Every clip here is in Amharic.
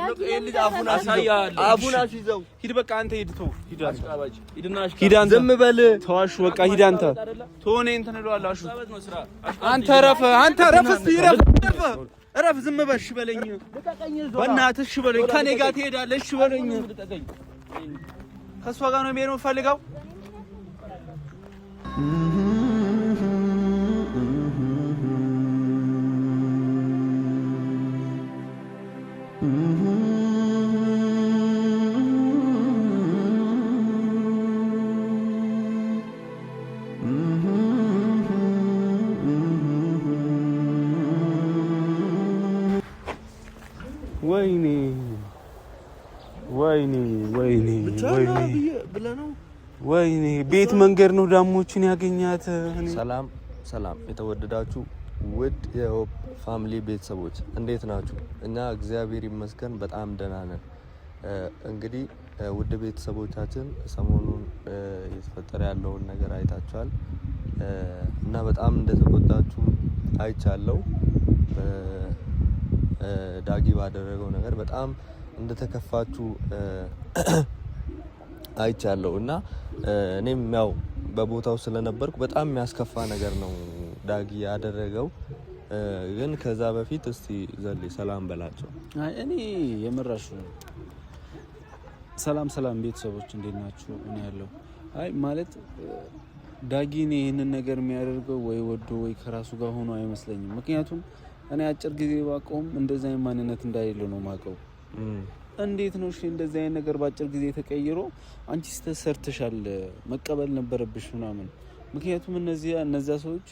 አፉን አስይዘው ሂድ። በቃ አንተ ሂድ፣ ዝም በል ተው። በቃ ሂድ። አንተ ተው። እንትን እለዋለሁ። አሹ አንተ እረፍ፣ አንተ እረፍ፣ እስኪ እረፍ፣ እረፍ። ዝም በል እሺ በለኝ፣ በእናትህ እሺ በለኝ። ከእኔ ጋር ትሄዳለህ እሺ በለኝ። ከእሷ ጋር ነው የሚሄድ የምፈልገው መንገድ ነው ዳሞችን ያገኛት። ሰላም ሰላም፣ የተወደዳችሁ ውድ የሆፕ ፋሚሊ ቤተሰቦች እንዴት ናችሁ? እኛ እግዚአብሔር ይመስገን በጣም ደህና ነን። እንግዲህ ውድ ቤተሰቦቻችን ሰሞኑን እየተፈጠረ ያለውን ነገር አይታችኋል እና በጣም እንደተቆጣችሁ አይቻለው። ዳጊ ባደረገው ነገር በጣም እንደተከፋችሁ አይቻለሁ እና እኔም ያው በቦታው ስለነበርኩ በጣም የሚያስከፋ ነገር ነው ዳጊ ያደረገው። ግን ከዛ በፊት እስቲ ዘሌ ሰላም በላቸው። እኔ የምራሹ ሰላም ሰላም ቤተሰቦች እንዴት ናችሁ? እኔ ያለው አይ ማለት ዳጊ ይህንን ነገር የሚያደርገው ወይ ወዶ ወይ ከራሱ ጋር ሆኖ አይመስለኝም። ምክንያቱም እኔ አጭር ጊዜ ባውቀውም እንደዚ ማንነት እንዳሌለው ነው ማቀው። እንዴት ነው እሺ እንደዚህ አይነት ነገር በአጭር ጊዜ ተቀይሮ አንቺ ስተሰርተሻል መቀበል ነበረብሽ ምናምን ምክንያቱም እነዚያ እነዚያ ሰዎች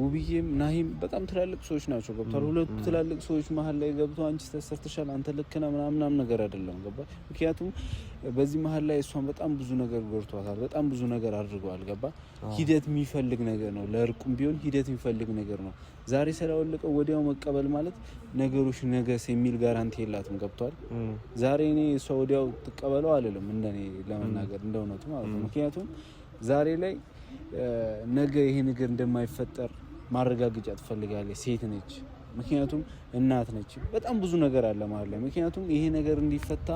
ውብዬም ናሂም በጣም ትላልቅ ሰዎች ናቸው። ገብቷል። ሁለቱ ትላልቅ ሰዎች መሀል ላይ ገብቶ አንቺ ተሰርተሻል፣ አንተ ልክ ነህ ነገር አይደለም። ገባ። ምክንያቱም በዚህ መሀል ላይ እሷን በጣም ብዙ ነገር ጎድቷታል፣ በጣም ብዙ ነገር አድርገዋል። ገባ። ሂደት የሚፈልግ ነገር ነው። ለእርቁም ቢሆን ሂደት የሚፈልግ ነገር ነው። ዛሬ ስላወለቀው ወዲያው መቀበል ማለት ነገሮች ነገስ የሚል ጋራንቲ የላትም። ገብቷል። ዛሬ እኔ እሷ ወዲያው ትቀበለው አልልም፣ እንደኔ ለመናገር እንደ እውነቱ ማለት ነው። ምክንያቱም ዛሬ ላይ ነገ ይሄ ነገር እንደማይፈጠር ማረጋገጫ ትፈልጋለች። ሴት ነች፣ ምክንያቱም እናት ነች። በጣም ብዙ ነገር አለ ማለት ምክንያቱም ይሄ ነገር እንዲፈታ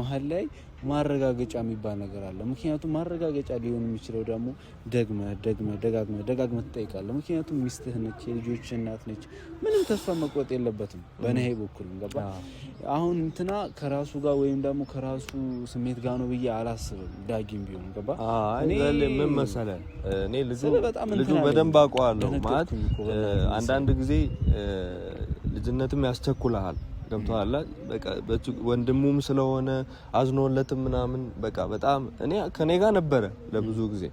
መሀል ላይ ማረጋገጫ የሚባል ነገር አለ። ምክንያቱም ማረጋገጫ ሊሆን የሚችለው ደግሞ ደግመ ደግመ ደጋግመ ደጋግመ ትጠይቃለ። ምክንያቱም ሚስትህ ነች፣ የልጆች እናት ነች። ምንም ተስፋ መቆጥ የለበትም። በነሄ በኩልም ገባ አሁን እንትና ከራሱ ጋር ወይም ደግሞ ከራሱ ስሜት ጋር ነው ብዬ አላስብም። ዳጊም ቢሆን ገባ ምን እኔ ልጁ በደንብ አውቀዋለሁ ማለት አንዳንድ ጊዜ ልጅነትም ያስቸኩልሃል ገብተዋላ ወንድሙም ስለሆነ አዝኖለትም ምናምን በቃ በጣም እኔ ከኔ ጋር ነበረ ለብዙ ጊዜ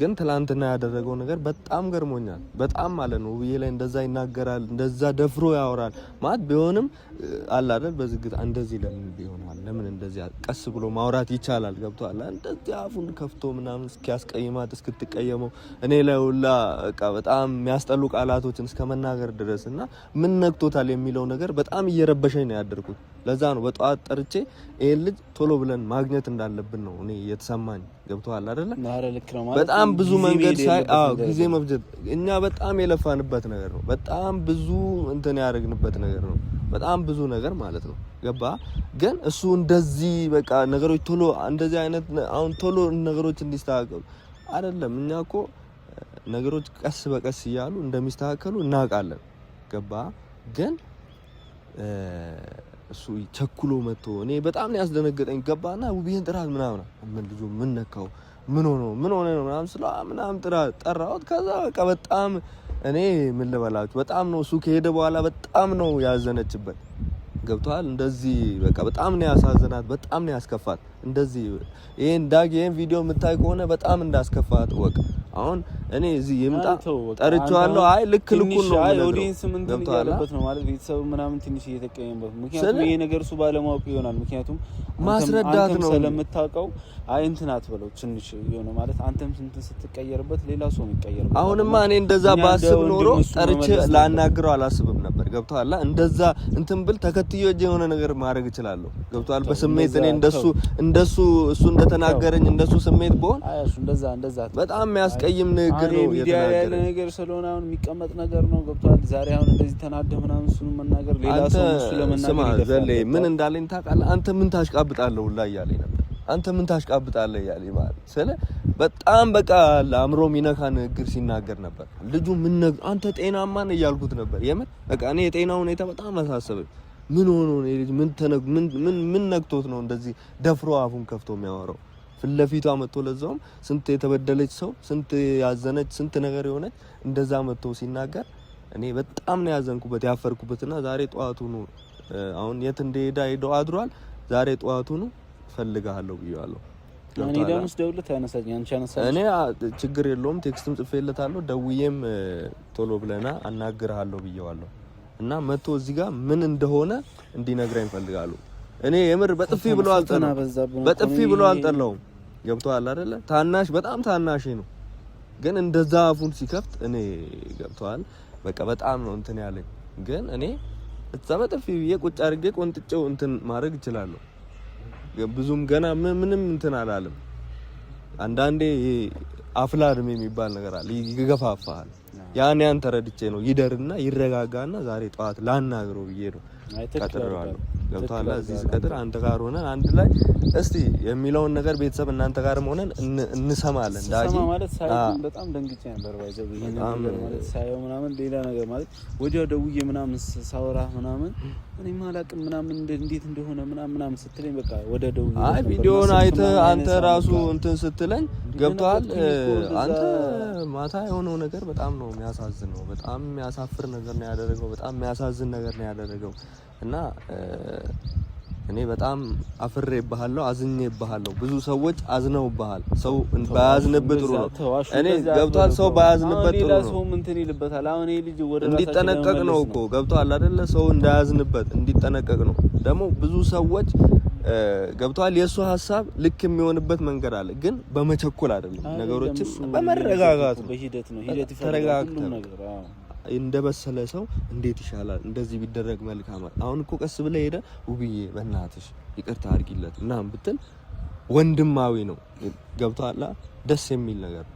ግን ትላንትና ያደረገው ነገር በጣም ገርሞኛል። በጣም ማለት ነው። ውብዬ ላይ እንደዛ ይናገራል፣ እንደዛ ደፍሮ ያወራል ማለት ቢሆንም አለ አይደል፣ በዝግታ እንደዚህ ለምን ቢሆናል? ለምን እንደዚህ ቀስ ብሎ ማውራት ይቻላል። ገብቶሃል? እንደዚህ አፉን ከፍቶ ምናምን እስኪያስቀይማት እስክትቀየመው እኔ ላይ ሁላ በቃ በጣም የሚያስጠሉ ቃላቶችን እስከመናገር ድረስ እና ምን ነግቶታል የሚለው ነገር በጣም እየረበሸኝ ነው ያደርኩት። ለዛ ነው በጠዋት ጠርቼ ይሄን ልጅ ቶሎ ብለን ማግኘት እንዳለብን ነው እኔ የተሰማኝ። ገብቶሃል አይደለ? በጣም ብዙ መንገድ ሳይ ጊዜ መፍጀት እኛ በጣም የለፋንበት ነገር ነው። በጣም ብዙ እንትን ያደረግንበት ነገር ነው። በጣም ብዙ ነገር ማለት ነው። ገባ ግን እሱ እንደዚህ በቃ ነገሮች ቶሎ እንደዚህ አይነት አሁን ቶሎ ነገሮች እንዲስተካከሉ አይደለም። እኛ እኮ ነገሮች ቀስ በቀስ እያሉ እንደሚስተካከሉ እናውቃለን። ገባ ግን እሱ ቸኩሎ መጥቶ እኔ በጣም ነው ያስደነገጠኝ። ገባና ውብዬን ጥራት ምናምን ምን ልጁ ምን ነካው ምን ሆኖ ምን ሆነ ነው ምናምን ስለ ምናምን ጥራ ጠራሁት። ከዛ በቃ በጣም እኔ ምን ልበላችሁ በጣም ነው እሱ ከሄደ በኋላ በጣም ነው ያዘነችበት። ገብቷል እንደዚህ በቃ በጣም ነው ያሳዘናት፣ በጣም ነው ያስከፋት። እንደዚህ ይሄን ዳግ ይሄን ቪዲዮ የምታይ ከሆነ በጣም እንዳስከፋት ወቅ አሁን እኔ እዚህ ይምጣ ጠርቼዋለሁ። አይ ልክ ልኩ ነው አይ ኦዲየንስ ምን ያለበት ነው ማለት ቤተሰብ ምናምን ትንሽ እየተቀየምበት፣ ምክንያቱም ይሄ ነገር እሱ ባለማወቅ ይሆናል። ምክንያቱም ማስረዳት ነው ስለምታውቀው፣ አይ እንትን አትበለው ትንሽ ይሆነ ማለት አንተም እንትን ስትቀየርበት ሌላ ሰው ይቀየርበት። አሁንማ እኔ እንደዛ ባስብ ኖሮ ጠርቼ ላናግረው አላስብም ነበር። ገብቷል። እንደዛ እንትን ብል ተከትዮ እጄ የሆነ ነገር ማድረግ እችላለሁ። ገብቷል። በስሜት እኔ እንደሱ እንደሱ እሱ እንደተናገረኝ እንደሱ ስሜት በሆን በጣም የሚያስቀይም ንግግር ነገር ነው ያለ ነገር ስለሆነ አሁን የሚቀመጥ ነገር ነው ገብቷል። ዛሬ አሁን እንደዚህ ተናደህ ምናምን እሱንም መናገር ሌላ ሰው እሱ ለመናገር ዘለይ ምን እንዳለኝ ታውቃለህ አንተ ምን ታሽቃብጣለህ ሁላ እያለኝ ነበር። አንተ ምን ታሽቃብጣለህ እያለኝ ማለት ስለ በጣም በቃ ለአእምሮ ሚነካ ንግግር ሲናገር ነበር። ልጁ ምን ነገር አንተ ጤናማ ነህ እያልኩት ነበር። የምን በቃ እኔ የጤና ሁኔታ በጣም አሳሰበኝ። ምን ሆኖ ነው ልጅ ምን ምን ነግቶት ነው እንደዚህ ደፍሮ አፉን ከፍቶ የሚያወራው? ፊት ለፊቷ መጥቶ ለዛውም ስንት የተበደለች ሰው ስንት ያዘነች ስንት ነገር የሆነች እንደዛ መጥቶ ሲናገር እኔ በጣም ነው ያዘንኩበት ያፈርኩበትና ዛሬ ነው አሁን የት እንደሄዳ ሄዶ አድሯል። ዛሬ ነው ፈልጋለሁ ብያለሁ። እኔ ደግሞ ስደውልለት ያነሳኝ አንቺ ያነሳኝ እኔ ችግር የለውም ቴክስትም ጽፌለታለሁ ደውዬም ቶሎ ብለና አናግርሃለሁ ብየዋለሁ። እና መቶ እዚህ ጋር ምን እንደሆነ እንዲነግረኝ ፈልጋለሁ። እኔ የምር በጥፊ ብሎ አልጠላውም፣ በጥፊ ብሎ አልጠላውም። ገብቶሃል አይደለ? ታናሽ በጣም ታናሽ ነው፣ ግን እንደዛ አፉን ሲከፍት እኔ ገብቶሃል በቃ በጣም ነው እንትን ያለኝ። ግን እኔ እዛ በጥፊ ብዬ ቁጭ አድርጌ ቆንጥጬው እንትን ማድረግ እችላለሁ። ብዙም ገና ምንም እንትን አላለም። አንዳንዴ አፍላ እድሜ የሚባል ነገር አለ፣ ይገፋፋል። ያን ያን ተረድቼ ነው ይደርና ይረጋጋና ዛሬ ጠዋት ላናግረው ብዬ ነው ቀጥሬዋለሁ። ገብቷል። እዚህ ስቀጥር አንተ ጋር ሆነን አንድ ላይ እስቲ የሚለውን ነገር ቤተሰብ እናንተ ጋርም ሆነን እንሰማለን። ዳጊ ማለት ሳይሆን በጣም ደንግጬ ነበር። ባይዘው ይሄን ማለት ሳይሆን ምናምን ሌላ ነገር ማለት ወዲያው ደውዬ ምናምን ሳወራ ምናምን እኔ ማላቅ ምናምን እንዴት እንደሆነ ምናምን ምናምን ስትለኝ በቃ ወደ ደውዬ አይ ቪዲዮውን አይተህ አንተ ራሱ እንትን ስትለኝ ገብቷል። አንተ ማታ የሆነው ነገር በጣም ነው የሚያሳዝነው። በጣም የሚያሳፍር ነገር ነው ያደረገው። በጣም የሚያሳዝን ነገር ነው ያደረገው። እና እኔ በጣም አፍሬ ባሃለሁ፣ አዝኜ ባሃለሁ። ብዙ ሰዎች አዝነው ባሃል። ሰው ባያዝንበት ጥሩ ነው። እኔ ገብቷል። ሰው ባያዝንበት ጥሩ ነው። ሰው እንትን ይልበታል። አሁን ይሄ ልጅ ወደ እንዲጠነቀቅ ነው እኮ ገብቷል አይደለ? ሰው እንዳያዝንበት እንዲጠነቀቅ ነው። ደግሞ ብዙ ሰዎች ገብቷል። የእሱ ሀሳብ ልክ የሚሆንበት መንገድ አለ፣ ግን በመቸኮል አይደለም። ነገሮችን በመረጋጋት ነው። በሂደት ነው። ሂደት ይፈልጋል ነገር አዎ እንደበሰለ ሰው እንዴት ይሻላል፣ እንደዚህ ቢደረግ መልካም። አሁን እኮ ቀስ ብለ ሄደ ውብዬ፣ በእናትሽ ይቅርታ አድርጊለት እናም ብትል ወንድማዊ ነው። ገብቶሃል? ደስ የሚል ነገር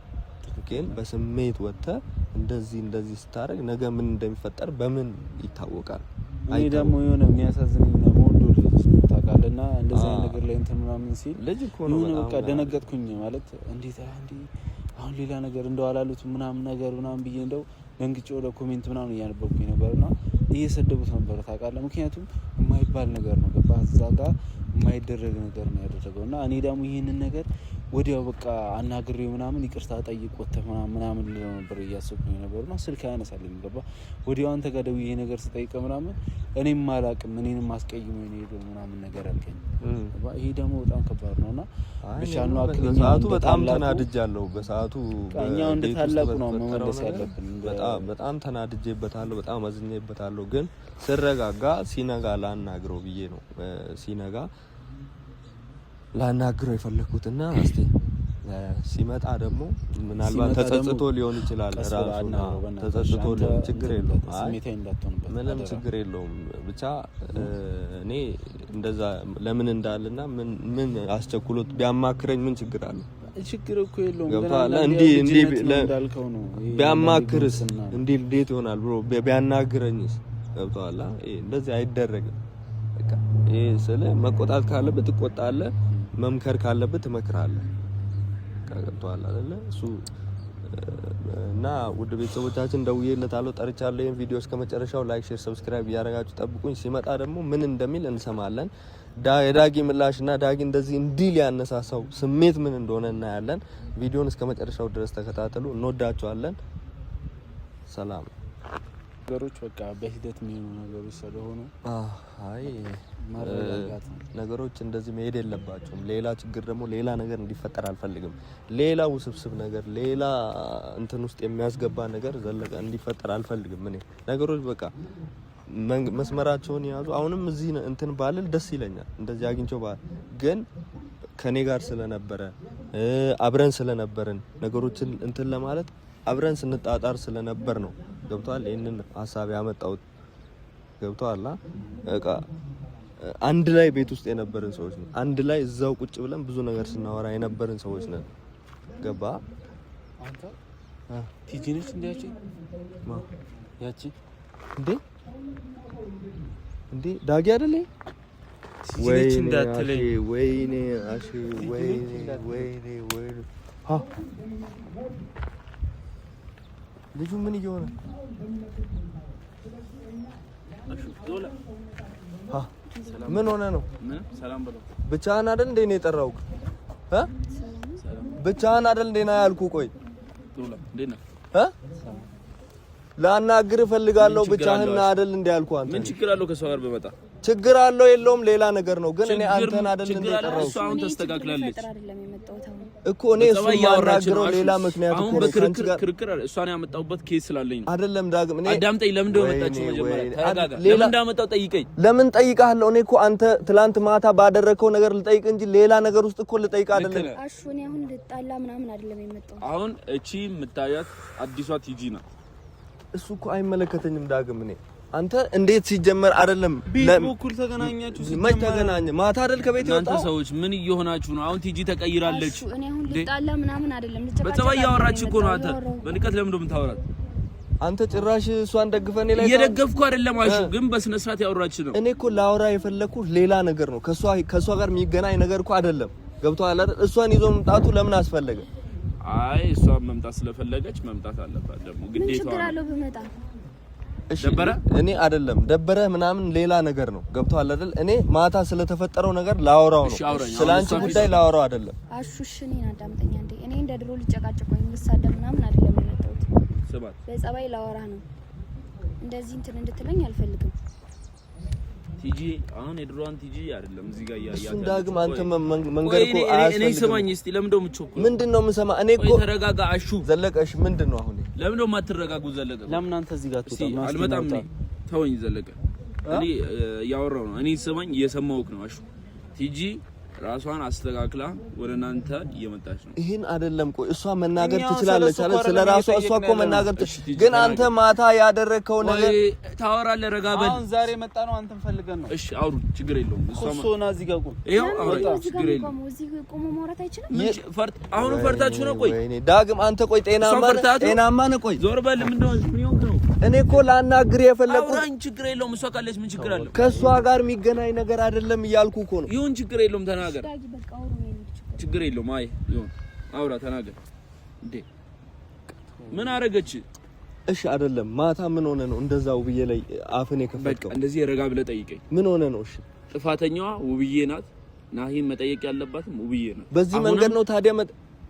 ግን በስሜት ወጥተ እንደዚህ እንደዚህ ስታደርግ ነገ ምን እንደሚፈጠር በምን ይታወቃል? እኔ ደግሞ የሆነ የሚያሳዝነኝ ነው ታውቃለና እንደዚህ አይነት ነገር ላይ እንትን ምናምን ሲል ልጅ እኮ ነው። በቃ ደነገጥኩኝ ማለት እንዴት እንዴ አሁን ሌላ ነገር እንደው አላሉት ምናምን ነገር ምናምን ብዬ እንደው ደንግጬ ወደ ኮሜንት ምናምን እያነበብኩኝ ነበር እና እየሰደቡት ነበር ታውቃለህ። ምክንያቱም የማይባል ነገር ነው ገባህ? እዛ ጋር የማይደረግ ነገር ነው ያደረገው እና እኔ ደግሞ ይህንን ነገር ወዲያው በቃ አናግሬ ምናምን ይቅርታ ጠይቆት ምናምን ልለው ነበር እያሰብኩኝ ነበር። እና ስልክ ያነሳል የሚገባ ወዲያው አንተ ጋር ደውዬ ነገር ስጠይቀ ምናምን እኔም አላቅም እኔንም አስቀይሞ ሄደ ምናምን ነገር አልገኝ። ይሄ ደግሞ በጣም ከባድ ነው እና ብቻ ነው በሰዓቱ በጣም ተናድጃለሁ። በሰዓቱ እኛው እንደ ታላቁ ነው መመለስ ያለብን። በጣም ተናድጄበታለሁ፣ በጣም አዝኜበታለሁ። ግን ስረጋጋ ሲነጋ ላናግረው ብዬ ነው ሲነጋ ላናግረው የፈለኩት እና እስቲ ሲመጣ ደግሞ ምናልባት ተጸጽቶ ሊሆን ይችላል። ተጸጽቶ ሊሆን ችግር የለውም ምንም ችግር የለውም። ብቻ እኔ እንደዛ ለምን እንዳለና ምን አስቸኩሎት ቢያማክረኝ ምን ችግር አለ? ችግር እኮ የለውም። ቢያማክርስ እንዲህ እንዴት ይሆናል ብሎ ቢያናግረኝስ? ገብቶሃል? እንደዚህ አይደረግም። ይህ ስለ መቆጣት ካለበት ትቆጣለህ መምከር ካለብህ ትመክራለህ። ገብቶሃል አይደለ? እሱ እና ውድ ቤተሰቦቻችን ደውዬለታለሁ፣ ጠርቻለሁ። ይሄን ቪዲዮ እስከ መጨረሻው ላይክ፣ ሼር፣ ሰብስክራይብ እያደረጋችሁ ጠብቁኝ። ሲመጣ ደግሞ ምን እንደሚል እንሰማለን። የዳጊ ምላሽ እና ዳጊ እንደዚህ እንዲል ያነሳሳው ስሜት ምን እንደሆነ እናያለን። ቪዲዮን እስከ መጨረሻው ድረስ ተከታተሉ። እንወዳችኋለን። ሰላም ነገሮች በቃ በሂደት የሚሆኑ ነገሮች ስለሆኑ አይ ነገሮች እንደዚህ መሄድ የለባቸውም። ሌላ ችግር ደግሞ ሌላ ነገር እንዲፈጠር አልፈልግም። ሌላ ውስብስብ ነገር፣ ሌላ እንትን ውስጥ የሚያስገባ ነገር ዘለቀ እንዲፈጠር አልፈልግም። እኔ ነገሮች በቃ መስመራቸውን የያዙ አሁንም እዚህ እንትን ባልል ደስ ይለኛል። እንደዚህ አግኝቸው ባል ግን ከኔ ጋር ስለነበረ አብረን ስለነበርን ነገሮችን እንትን ለማለት አብረን ስንጣጣር ስለነበር ነው ገብተዋል። ይህንን ሀሳብ ያመጣሁት ገብተዋላ እቃ አንድ ላይ ቤት ውስጥ የነበርን ሰዎች ነን። አንድ ላይ እዛው ቁጭ ብለን ብዙ ነገር ስናወራ የነበርን ሰዎች ነን። ገባ አንተ ቲጂ ነች እንዲያቺ ማ ያቺ እንዴ እንዴ ዳጊ አይደለ ወይ እንዳትለኝ ወይኔ አሺ ወይኔ ወይኔ ወይኔ ሀ ልጁ ምን እየሆነ ምን ሆነ ነው? ብቻህን አይደል እንዴ ነው የጠራሁህ? ብቻህን አይደል እንደ ነው ያልኩህ? ቆይ ላናግርህ እፈልጋለሁ። ብቻህን አይደል እንደ ያልኩህ? አንተ ምን ችግር አለው ከሰው ጋር በመጣ ችግር አለው የለውም ሌላ ነገር ነው። ግን እኔ አንተን አይደል እንደጠራው አሁን ተስተካክላለች እኮ እኔ እሱ ያወራችረው ሌላ ምክንያት እኮ ነው። አሁን ክርክር እሷን ያመጣሁበት ኬስ ስላለኝ ነው አይደለም። ዳግም እኔ አዳምጠኝ። ለምን መጣችሁ መጀመሪያ ለምን እንዳመጣው ጠይቀኝ። ለምን ጠይቃለሁ? እኔ እኮ አንተ ትላንት ማታ ባደረከው ነገር ልጠይቅ እንጂ ሌላ ነገር ውስጥ እኮ ልጠይቅ አይደለም። አሹ እኔ አሁን ልጣላ ምናምን አይደለም የመጣው። አሁን እቺ የምታያት አዲሷ ቲጂ ናት። እሱ እኮ አይመለከተኝም ዳግም እኔ አንተ እንዴት ሲጀመር አይደለም በኩል ተገናኛችሁ? መች ተገናኘ? ማታ አይደል ከቤት የወጣው? እናንተ ሰዎች ምን እየሆናችሁ ነው? አሁን ቲጂ ተቀይራለች። እኔ አሁን ልጣላ ምናምን አይደለም። በጸባይ እያወራች እኮ ነው። አንተ በንቀት ለምን እንደው የምታወራት? አንተ ጭራሽ እሷን ደግፈህ ላይ እየደገፍኩ አይደለም። አሹ ግን በስነ ስርዓት ያወራች ነው። እኔ እኮ ላውራ የፈለኩት ሌላ ነገር ነው። ከሷ ከሷ ጋር የሚገናኝ ነገር እኮ አይደለም። ገብቶሃል አይደል? እሷን ይዞ መምጣቱ ለምን አስፈለገ? አይ እሷን መምጣት ስለፈለገች መምጣት አለባት። ደግሞ ግዴታው ነው ችግር አለው ደበረ እኔ አይደለም ደበረ ምናምን ሌላ ነገር ነው። ገብቷል አይደል? እኔ ማታ ስለተፈጠረው ነገር ላወራው ነው፣ ስለ አንቺ ጉዳይ ላወራው አይደለም። አሹሽ እኔ አዳምጠኛ እንዴ! እኔ እንደ ድሮ ልጨቃጨቅ ወይም ልሳደብ ምናምን አይደለም የመጣሁት፣ በጸባይ ላወራ ነው። እንደዚህ እንትን እንድትለኝ አልፈልግም። ቲጂ አሁን የድሮዋን ቲጂ አይደለም እዚህ ጋር ያያያችሁ። እሱን ዳግም አንተ መንገድ እኮ አያስፈልግም። እኔ ስማኝ እስቲ ለምን ነው የምትቸኩለው? ምንድን ነው የምሰማህ? እኔ እኮ ተረጋጋ። አሹ ዘለቀሽ ምንድን ነው አሁን? ለምን ነው የማትረጋጉ? ዘለቀ ለምን አንተ እዚህ ጋር ትወጣለህ? አልመጣም። እኔ ተወኝ ዘለቀ። እኔ እያወራሁ ነው። እኔ ስማኝ እየሰማሁህ ነው አሹ ቲጂ ራሷን አስተካክላ ወደ እናንተ እየመጣች ነው። ይህን አይደለም። ቆይ እሷ መናገር ትችላለች አለ ስለ ራሷ። እሷ እኮ መናገር ግን አንተ ማታ ያደረግከው ነገር ታወራለህ። ረጋ በል። አሁን ዛሬ መጣ ነው አንተን ፈልገን ነው። እሺ አውሩ፣ ችግር የለውም። እሷ ሶና እዚህ ጋር ቆም። ይሄው አውራ፣ ችግር የለውም። እዚህ ቆሞ ማውራት አይችልም። ፈርት አሁን ፈርታችሁ ነው። ቆይ ዳግም አንተ ቆይ፣ ጤናማ ጤናማ ነው። ቆይ ዞር በል። ምንድነው ነው እኔ እኮ ላናግር የፈለኩት አውራኝ፣ ችግር የለውም። እሷ ካለች ምን ችግር አለው? ከእሷ ጋር የሚገናኝ ነገር አይደለም እያልኩ እኮ ነው። ይሁን፣ ችግር የለውም። ተናገር፣ ችግር የለውም። አይ ይሁን፣ አውራ፣ ተናገር። እንዴ ምን አረገች? እሺ አይደለም፣ ማታ ምን ሆነ ነው እንደዛው ውብዬ ላይ አፍን የከፈተው? እንደዚህ ረጋ ብለህ ጠይቀኝ። ምን ሆነ ነው? እሺ ጥፋተኛዋ ውብዬ ናት። ናሂን መጠየቅ ያለባትም ውብዬ ናት። በዚህ መንገድ ነው ታዲያ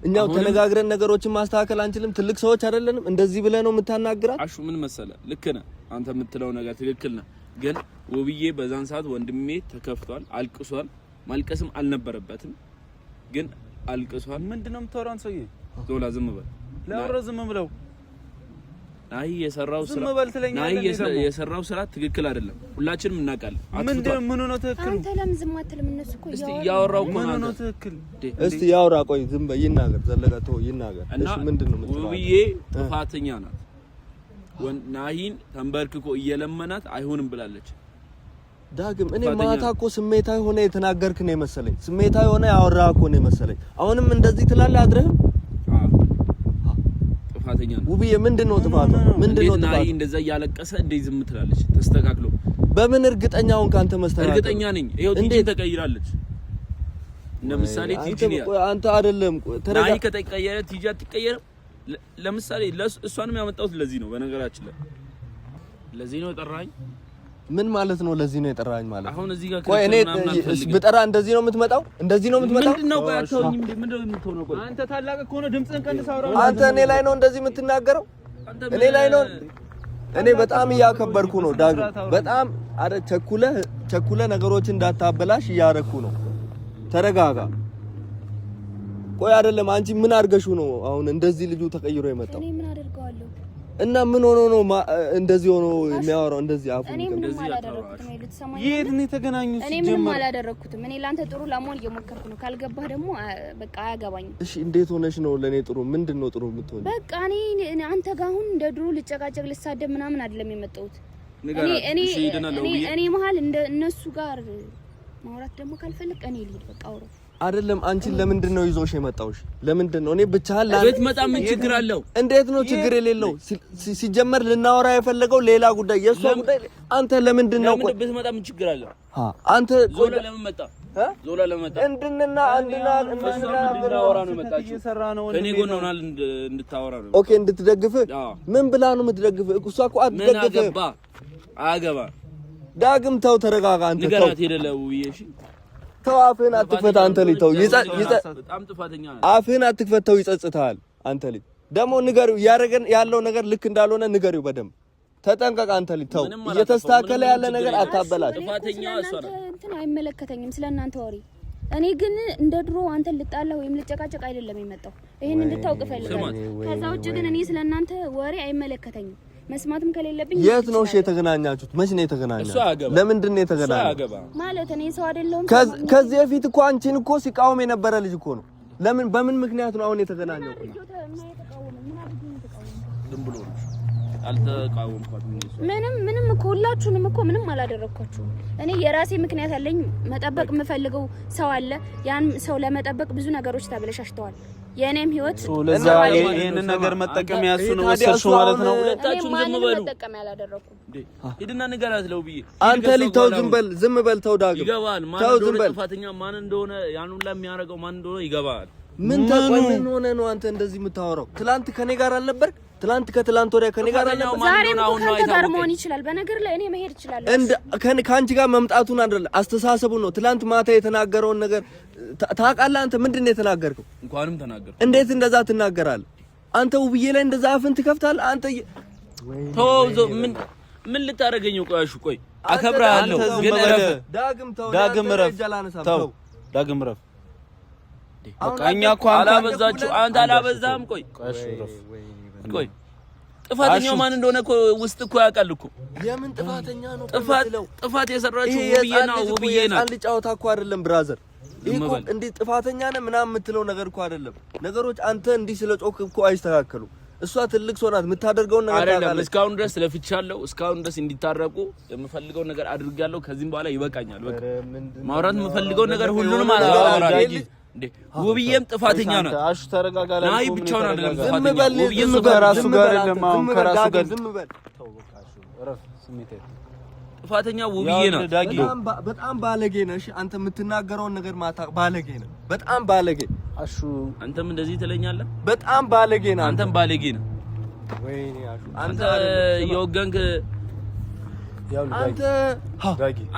እኛው ተነጋግረን ነገሮችን ማስተካከል አንችልም? ትልቅ ሰዎች አይደለንም? እንደዚህ ብለህ ነው የምታናግራት? አሹ ምን መሰለ፣ ልክ ነህ አንተ የምትለው ነገር ትክክል ነህ። ግን ውብዬ በዛን ሰዓት ወንድሜ ተከፍቷል፣ አልቅሷል። ማልቀስም አልነበረበትም፣ ግን አልቅሷል። ምንድነው የምታወራው? ሰውዬ ዞላ ዝም በል ለወረ ዝም ብለው ናይ የሰራው ስራ ናይ የሰራው ስራ ትክክል አይደለም። ሁላችንም እናውቃለን። ምንድን ምን ነው ትክክል? አንተ ለምን ዝም አትልም? እነሱ እኮ እስቲ ያወራው ምን ነው። ትክክል። እስቲ ያወራ። ቆይ ዝም በይ፣ ይናገር። ዘለቀ ተው ይናገር። እሺ፣ ምንድን ነው የምትለው? ውብዬ ጥፋተኛ ናት። ናሂን ተንበርክኮ እየለመናት አይሆንም ብላለች። ዳግም እኔ ማታ እኮ ስሜታዊ ሆነ የተናገርክ ነው የመሰለኝ። ስሜታዊ ሆነ ያወራ እኮ ነው የመሰለኝ። አሁንም እንደዚህ ትላለህ አድረህም ጥፋተኛ ነው። ውብዬ ምንድን ነው ጥፋቷ? ምንድን ነው ጥፋቷ? እንደዛ እያለቀሰ እንዴት ዝም ትላለች? ተስተካክሎ በምን እርግጠኛ አሁን ካንተ መስተካከል እርግጠኛ ነኝ። ይሄው ቲጂ ተቀይራለች። ለምሳሌ ቲጂ አንተ አይደለም ተረጋ ከተቀየረ ቲጂ አትቀየርም። ለምሳሌ እሷንም ያመጣሁት ለዚህ ነው። በነገራችን ላይ ለዚህ ነው ጠራኝ ምን ማለት ነው? ለዚህ ነው የጠራኝ ማለት አሁን እዚህ ጋር ቆይ፣ እኔ ብጠራ እንደዚህ ነው የምትመጣው? እንደዚህ ነው የምትመጣው? ነው? አንተ ታላቅ እኮ ነው። ድምፅህን ቀንስ። አንተ እኔ ላይ ነው እንደዚህ የምትናገረው? እኔ ላይ ነው። እኔ በጣም እያከበርኩ ነው ዳግ፣ በጣም አረ፣ ቸኩለህ ቸኩለህ ነገሮችን እንዳታበላሽ እያረኩ ነው። ተረጋጋ። ቆይ አይደለም፣ አንቺ ምን አድርገሽው ነው አሁን እንደዚህ ልጁ ተቀይሮ የመጣው? እና ምን ሆኖ ነው እንደዚህ ሆኖ የሚያወራው? እንደዚህ አፉ እንደዚህ ምንም አላደረኩትም። የት ነው የተገናኙት? እኔ ምንም አላደረኩትም። እኔ ላንተ ጥሩ ለመሆን እየሞከርኩ ነው። ካልገባህ ደግሞ በቃ አያገባኝም። እሺ፣ እንዴት ሆነሽ ነው ለኔ ጥሩ? ምንድን ነው ጥሩ የምትሆኝ? በቃ እኔ አንተ ጋር አሁን እንደ ድሮ ልጨቃጨቅ ልሳደብ ምናምን አይደለም የመጣሁት። እኔ እኔ እኔ እንደ እነሱ ጋር ማውራት ደግሞ ካልፈለግ እኔ ልሂድ በቃ አውራ አይደለም አንቺን ለምንድን ነው ይዞሽ የመጣውሽ? ለምንድን ነው እኔ ብቻህን ቤት መጣ? ምን ችግር አለው? እንዴት ነው ችግር የሌለው? ሲጀመር ልናወራ የፈለገው ሌላ ጉዳይ፣ የእሷ ጉዳይ። አንተ ለምንድን ነው ቆይ፣ ቤት መጣ? ምን ችግር አለው? አንተ ዞላ ለምን መጣ? ዞላ ለምን መጣ? እንድንና አንድና እንድናወራ ነው መጣች። እየሰራ ነው እኔ ጎን ነው ሆና እንድታወራ ነው። ኦኬ፣ እንድትደግፍ ምን ብላ ነው የምትደግፍ? እሷ እኮ አትደግፍ። አገባ አገባ። ዳግም፣ ተው፣ ተረጋጋ አንተ። ተው፣ ንገራት ሄደለው እሺ ተው አፍህን አትክፈት አንተ ልጅ ተው። አፍህን አትክፈት ተው፣ ይጸጽታል አንተ ልጅ። ደግሞ ንገሪው ያረገን ያለው ነገር ልክ እንዳልሆነ ንገሪው በደንብ ተጠንቀቅ አንተ ልጅ ተው። እየተስተካከለ ያለ ነገር አታበላሽ። እንትን አይመለከተኝም ስለ እናንተ ወሬ። እኔ ግን እንደ ድሮ አንተ ልጣላ ወይም ልጨቃጨቅ አይደለም የመጣው፣ ይሄን እንድታውቅ እፈልጋለሁ። ከዛ ውጭ ግን እኔ ስለ እናንተ ወሬ አይመለከተኝም። መስማትም ከሌለብኝ የት ነው እሺ የተገናኛችሁት? መች ነው የተገናኛችሁት? ለምንድን ነው የተገናኛችሁት? ማለት እኔ ሰው አይደለሁም። ከዚህ በፊት እኮ አንቺን እኮ ሲቃወም የነበረ ልጅ እኮ ነው። ለምን በምን ምክንያት ነው አሁን የተገናኘው? ነው? ምንም ምንም እኮ ሁላችሁንም እኮ ምንም አላደረግኳችሁም። እኔ የራሴ ምክንያት አለኝ። መጠበቅ የምፈልገው ሰው አለ። ያን ሰው ለመጠበቅ ብዙ ነገሮች ተበለሻሽተዋል። የእኔም ህይወት ለዛ ይህንን ነገር መጠቀም ያሱ ነው ወሰድሽው ማለት ነው። ሁለታችሁም ዝም በሉ። መጠቀም ሂድና ንገራት ለው ብዬ አንተ ልጅ ተው፣ ዝም በል ዝም በል ተው፣ ዳግም ይገባል። ማን እንደሆነ ጥፋተኛ ማን እንደሆነ ያን ሁላ የሚያደርገው ማን እንደሆነ ይገባል። ምን ተቆይ፣ ምን ሆነ ነው አንተ እንደዚህ የምታወራው? ትላንት ከኔ ጋር አልነበር? ትላንት ከትላንት ወዲያ ከኔ ጋር አልነበር? ዛሬ ከአንተ ጋር መሆን ይችላል። በነገር ላይ እኔ መሄድ እችላለሁ። እንደ ከአንቺ ጋር መምጣቱን አይደለ አስተሳሰቡ ነው። ትላንት ማታ የተናገረውን ነገር ታውቃለህ አንተ። ምንድን ነው የተናገርከው? እንኳንም ተናገርኩ። እንዴት እንደዛ ትናገራለህ አንተ? ውብዬ ላይ እንደዛ አፍን ትከፍታለህ አንተ? ተው ምን ምን ልታደርገኝ? ቆይ አሹ፣ ቆይ አከብርሃለሁ፣ ግን ዳግም ተው፣ ዳግም እረፍ፣ ተው፣ ዳግም ረፍ ተው ዳግም ረፍ በቃ እኛ እኮ አላበዛችሁ፣ አንተ አላበዛም። ቆይ ቆይ ጥፋተኛው ማን እንደሆነ እኮ ውስጥ እኮ ያውቃል እኮ። የምን ጥፋተኛ ነው? ጥፋት ጥፋት የሰራችው ውብዬ ነው። ውብዬ ነው። አንድ ጫወታ እኮ አይደለም ብራዘር። ይሄ እንዴ ጥፋተኛ ነህ ምናምን የምትለው ነገር እኮ አይደለም። ነገሮች አንተ እንዲህ ስለ ጮክ እኮ አይስተካከሉ። እሷ ትልቅ ሰው ናት። የምታደርገውን ነገር አይደለም። እስካሁን ድረስ ለፍቻለሁ። እስካሁን ድረስ እንዲታረቁ የምፈልገው ነገር አድርጋለሁ። ከዚህም በኋላ ይበቃኛል። በቃ ማውራት የምፈልገው ነገር ሁሉንም አላወራም። ውብዬም ጥፋተኛ ናት። አሹ ተረጋጋ። ናይ ብቻውን አይደለም ጥፋተኛ ውብዬም ከራሱ ጋር አይደለም። ከራሱ ጋር ጥፋተኛ ውብዬ ናት። በጣም ባለጌ ነህ። አንተ የምትናገረውን ነገር ማታ ባለጌ ነህ። በጣም ባለጌ አሹ። አንተም እንደዚህ ትለኛለህ። በጣም ባለጌ ነህ። አንተም ባለጌ ነህ። ወይኔ አሹ አንተ የወገንክ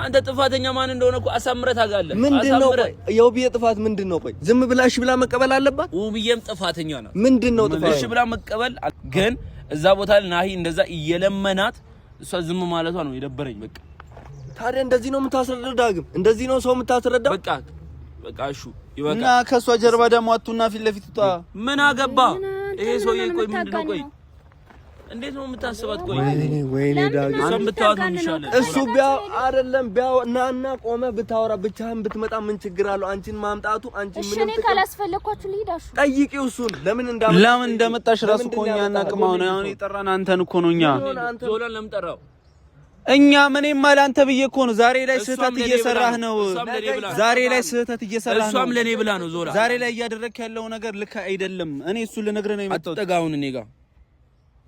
አንተ ጥፋተኛ ማን እንደሆነ እኮ አሳምረህ ታውቃለህ። ምንድነው ቆይ የውብዬ ጥፋት ምንድነው? ቆይ ዝም ብላሽ ብላ መቀበል አለባት። ውብዬም ጥፋተኛ ነው። ምንድነው ጥፋት? እሺ ብላ መቀበል ግን እዛ ቦታ ላይ ናሂ እንደዛ እየለመናት እሷ ዝም ማለቷ ነው የደበረኝ። በቃ ታዲያ እንደዚህ ነው የምታስረዳው? ዳግም እንደዚህ ነው ሰው የምታስረዳው? በቃ በቃ እሺ ይበቃ። እና ከእሷ ጀርባ ደግሞ አቱና ፊት ለፊት ምን አገባ ይሄ ሰውዬ? ቆይ ምንድነው ቆይ እንዴት ነው የምታስባት? ቆይ እሱ ቢያው አይደለም ቢያው ናና ቆመ ብታወራ ብቻህን ብትመጣ ምን ችግር አለው? አንቺን ማምጣቱ አንቺ ምን እሺ፣ ካላስፈለኳችሁ ጠይቂው እሱን ለምን ለምን እንደመጣሽ ራሱ እኮ እኛ አሁን አሁን የጠራን አንተን እኮ ነው። እኛ ዞላን ለምን ጠራው? እኛ አንተ ብዬ እኮ ነው። ዛሬ ላይ ስህተት እየሰራህ ነው። ዛሬ ላይ ስህተት እየሰራህ ነው። እሷም ለኔ ብላ ነው ዞላ ዛሬ ላይ እያደረክ ያለው ነገር ልክ አይደለም። እኔ እሱን ልነግርህ ነው የመጣሁት። እኔ ጋር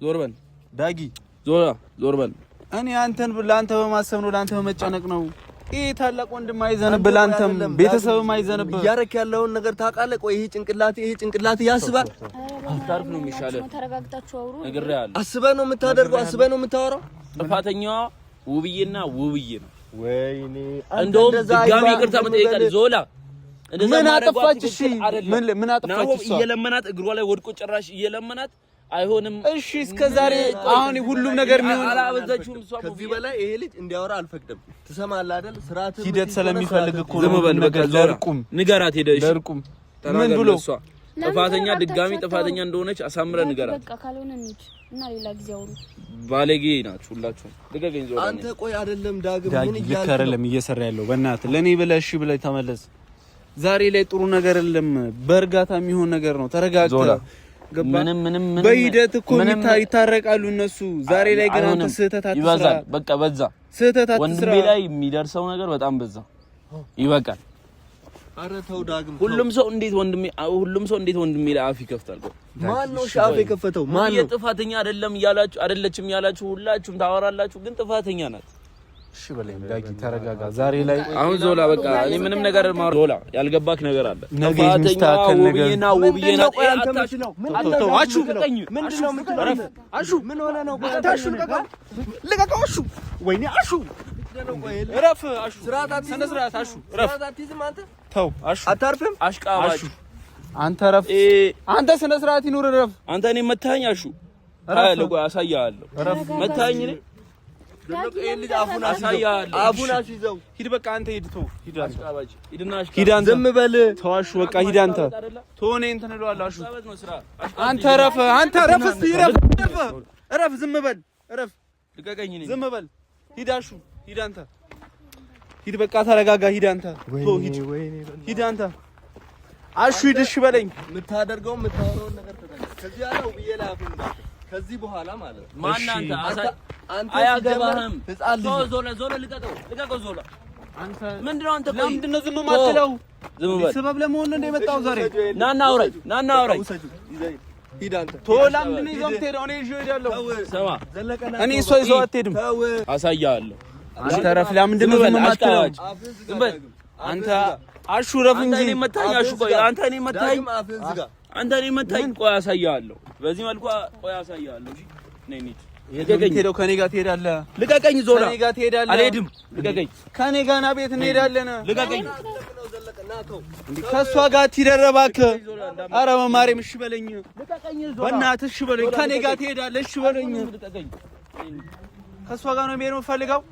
ዞር በል ዳጊ፣ ዞራ ዞር በል። እኔ አንተን ለአንተ በማሰብ ነው፣ ለአንተ በመጨነቅ ነው። ይህ ታላቅ ወንድም አይዘንብህ፣ ለአንተም ቤተሰብም አይዘንብህ። እያደረክ ያለውን ነገር ታውቃለህ። ቆይ ይሄ ጭንቅላት ይሄ ጭንቅላት ያስባል። አታርፍ ነው የሚሻለው። ተረጋግታችሁ አውሩ። ነገር ያለ አስበህ ነው የምታደርገው፣ አስበህ ነው የምታወራው። ጥፋተኛዋ ውብዬና ውብዬ ነው። ወይኔ እንደውም ድጋሚ ይቅርታ መጠየቅ ዞላ ምን አጠፋች? እሺ ምን ምን አጠፋች? እየለመናት እግሯ ላይ ወድቆ ጭራሽ እየለመናት አይሆንም። እሺ እስከ ዛሬ አሁን ሁሉም ነገር ነው አላበዛችሁም። እሷ ከዚህ በላይ ይሄ ልጅ እንዲያወራ አልፈቅድም። ትሰማለህ አይደል? ስርዓት ሂደት ስለሚፈልግ እኮ ነው። ዝም በል በቃ። ለርቁም ንገራት፣ ሄደ እሺ፣ ለርቁም ምን ብሎ ጥፋተኛ ድጋሚ ጥፋተኛ እንደሆነች አሳምረ ንገራት። በቃ ካልሆነ እንሂድ እና ሌላ ጊዜ አውሩ። ባለጌ ናችሁ ሁላችሁም። ልቀቀኝ። ዘወር አንተ። ቆይ አይደለም ዳግም፣ ምን ይላል? ዳግም፣ ይከረለም እየሰራ ያለው በእናትህ። ለኔ ብለህ እሺ ብለህ ተመለስ። ዛሬ ላይ ጥሩ ነገር የለም። በእርጋታ የሚሆን ነገር ነው። ተረጋግተህ ምንም ምንም በሂደት እኮ ይታረቃሉ እነሱ። ዛሬ ላይ ግን አንተ ስህተት ይበዛል፣ በቃ በዛ። ስህተት ወንድሜ ላይ የሚደርሰው ነገር በጣም በዛ። ይበቃል። ተው ዳግም። ሁሉም ሰው እንዴት ወንድሜ ሁሉም ሰው እንዴት ወንድሜ ላይ አፍ ይከፍታል? ማን ነው አፍ የከፈተው? ማን ነው ጥፋተኛ? አይደለም እያላችሁ አይደለችም እያላችሁ ሁላችሁም ታወራላችሁ፣ ግን ጥፋተኛ ናት። እሺ በለኝ ዳጊ ተረጋጋ። ዛሬ ላይ አሁን ዞላ በቃ እኔ ምንም ነገር ማውራት ዞላ ያልገባክ ነገር አለ። ነገ የሚስተካከል ነገር አንተ ረፍ አንተ ስነ ስርዓት ይኑር። ረፍ አንተ እኔ መታኝ አሹ አሳያለሁ መታኝ ሂድ በቃ አንተ ሂድ ተው ሂድ አንተ ዝም በል ተው በቃ ሂድ አንተ ተው እኔ እንትን እለዋለሁ አንተ እረፍ አንተ እረፍ እረፍ ዝም በል እረፍ ልቀቀኝ እኔ ዝም በል ሂድ አሹ ሂድ አንተ ሂድ በቃ ተረጋጋ ሂድ አንተ ሂድ ሂድ አንተ አሹ ሂድ እሺ በለኝ የምታደርገው የምታወራውን ነገር ከዚህ ያለው ብዬሽ ላኩ ከዚህ በኋላ ማለት ነው። ማን አንተ አንተ አያገባህም። ዞላ ዞላ ልቀቀው፣ ልቀቀው ዞላ። አንተ ምንድነው? አንተ ቆይ ምንድነው ዝም ማትለው? ዝም በል። ሰበብ ለመሆን ነው እንደመጣው ዛሬ። ናና አውራኝ፣ ናና አውራኝ። ሂድ አንተ። ቶላ ምንድነው ይዞህ የምትሄደው? እኔ ይዤው እሄዳለሁ። ስማ፣ እኔ እሷ ይዘው አትሄድም። አሳያለሁ። አንተ ረፍ። ለምንድነው ዝም ማትለው? ዝም በል አንተ። አሹ ረፍ እንጂ እኔ መታኝ። አሹ ቆይ አንተ እኔ መታኝ። አፍህን ዝጋ አንተ እኔ መታኝ። ቆይ አሳያለሁ። በዚህ መልኩ ቆይ አሳያለሁ። እሺ ነኝ ነኝ ልቀቀኝ። ከኔ ጋር ትሄዳለህ። ልቀቀኝ። ዞራ ከኔ ጋር ትሄዳለህ። አልሄድም። ልቀቀኝ። ከኔ ጋር ና፣ ቤት እንሄዳለን። ልቀቀኝ። ከእሷ ጋር ትደረባክ። ኧረ በማርያም እሺ በለኝ። በእናትህ እሺ በለኝ። ከኔ ጋር ትሄዳለህ። እሺ በለኝ። ከእሷ ጋር ነው የምሄድ የምፈልገው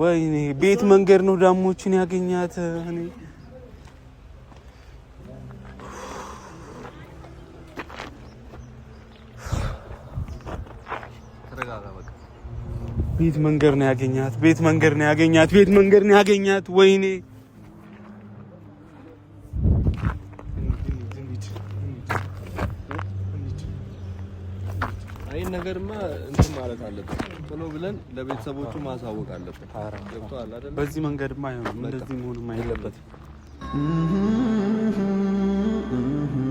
ወይኔ ቤት መንገድ ነው ዳሞችን ያገኛት። እኔ ቤት መንገድ ነው ያገኛት። ቤት መንገድ ነው ያገኛት። ቤት መንገድ ነው ያገኛት። ወይኔ አይ ነገርማ እንትን ማለት አለበት። ሀብት ብለን ለቤተሰቦቹ ማሳወቅ አለብን። በዚህ መንገድማ አይሆንም፣ እንደዚህ መሆንም አይለበትም።